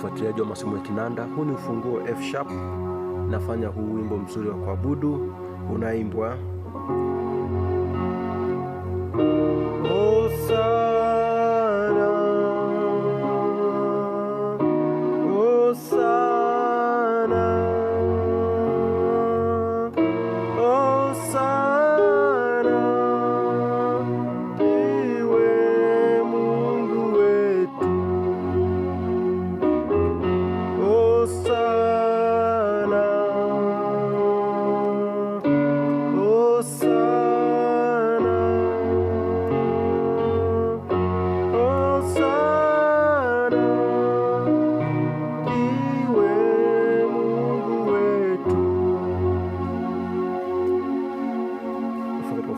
ufuatiliaji wa masomo ya kinanda. Huu ni ufunguo F sharp, nafanya huu wimbo mzuri wa kuabudu unaimbwa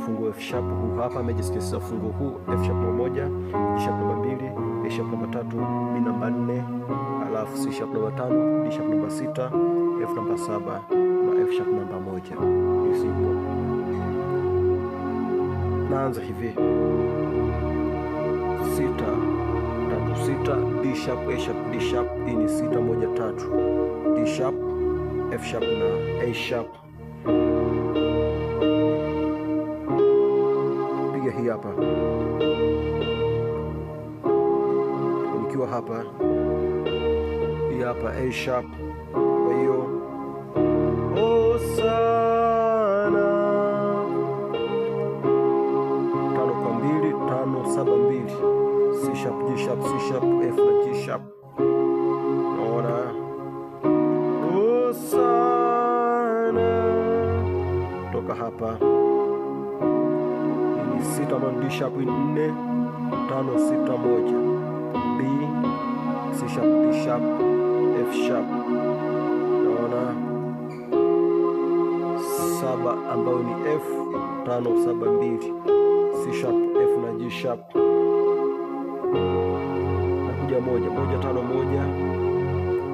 ufunguo F sharp huu hapa, amejisikia ufunguo huu F sharp moja, sharp namba mbili, A sharp namba tatu, B namba nne, alafu C sharp namba tano, D sharp namba sita, F namba saba na F sharp namba moja. Naanza hivi sita tatu sita, D sharp, A sharp, D sharp. Hii ni sita moja tatu, D sharp, F sharp na A sharp hii hapa, nikiwa hapa, hii hapa A sharp. Kwa hiyo oh, tano kwa mbili, tano saba mbili, C sharp, G sharp, C sharp, F na G sharp, naona oh, toka hapa sita moja D sharp nne tano sita moja B C sharp D sharp F sharp, naona saba ambayo ni F tano saba mbili C sharp F na G sharp nakuja moja moja tano moja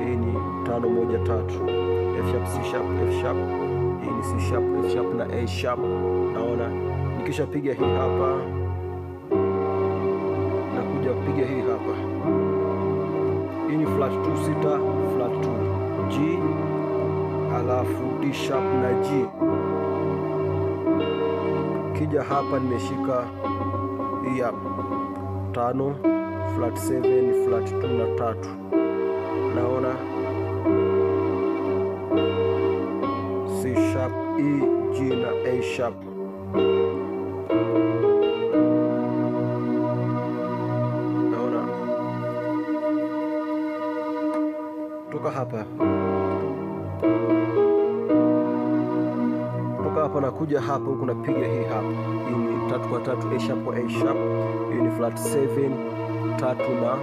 hii ni tano moja tatu F sharp C sharp F sharp hii ni C sharp F sharp na A sharp naona Nikishapiga hii hapa, nakuja kupiga hii hapa. Hii ni flat 2 sita, flat 2 G, alafu D sharp na G. Kija hapa, nimeshika hii hapa tano, flat 7, flat 2 na tatu, naona C sharp, E, G na A sharp Toka hapa toka hapa nakuja hapa huku napiga hii hapa. Hii ni tatu kwa tatu, A sharp kwa A sharp. Hii ni flat 7 tatu na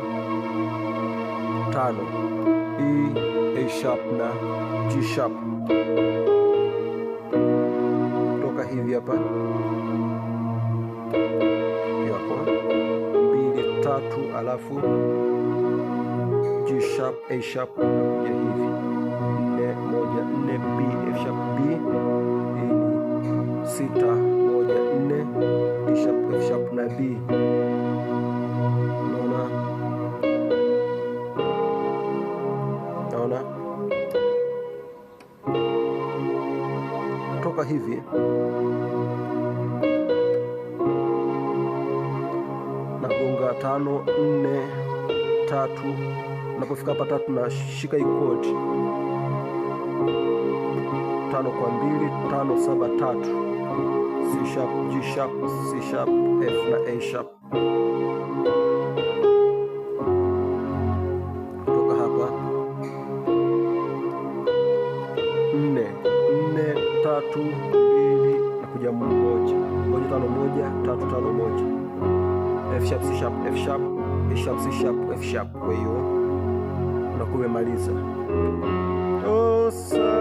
tano. Hii e, A sharp na G sharp hivi hapa, yako mbili tatu, alafu G sharp A sharp nakuja hivi nne moja nne B F sharp B sita moja nne D sharp F sharp na B kutoka hivi nagonga tano nne tatu. Napofika hapa tatu, nashika hii kodi tano kwa mbili tano saba tatu, C sharp G sharp C sharp F na A sharp. moja moja moja tano moja tatu tano moja F sharp C sharp F sharp B sharp C sharp F sharp. Kwa hiyo unakuwa umemaliza. Oh,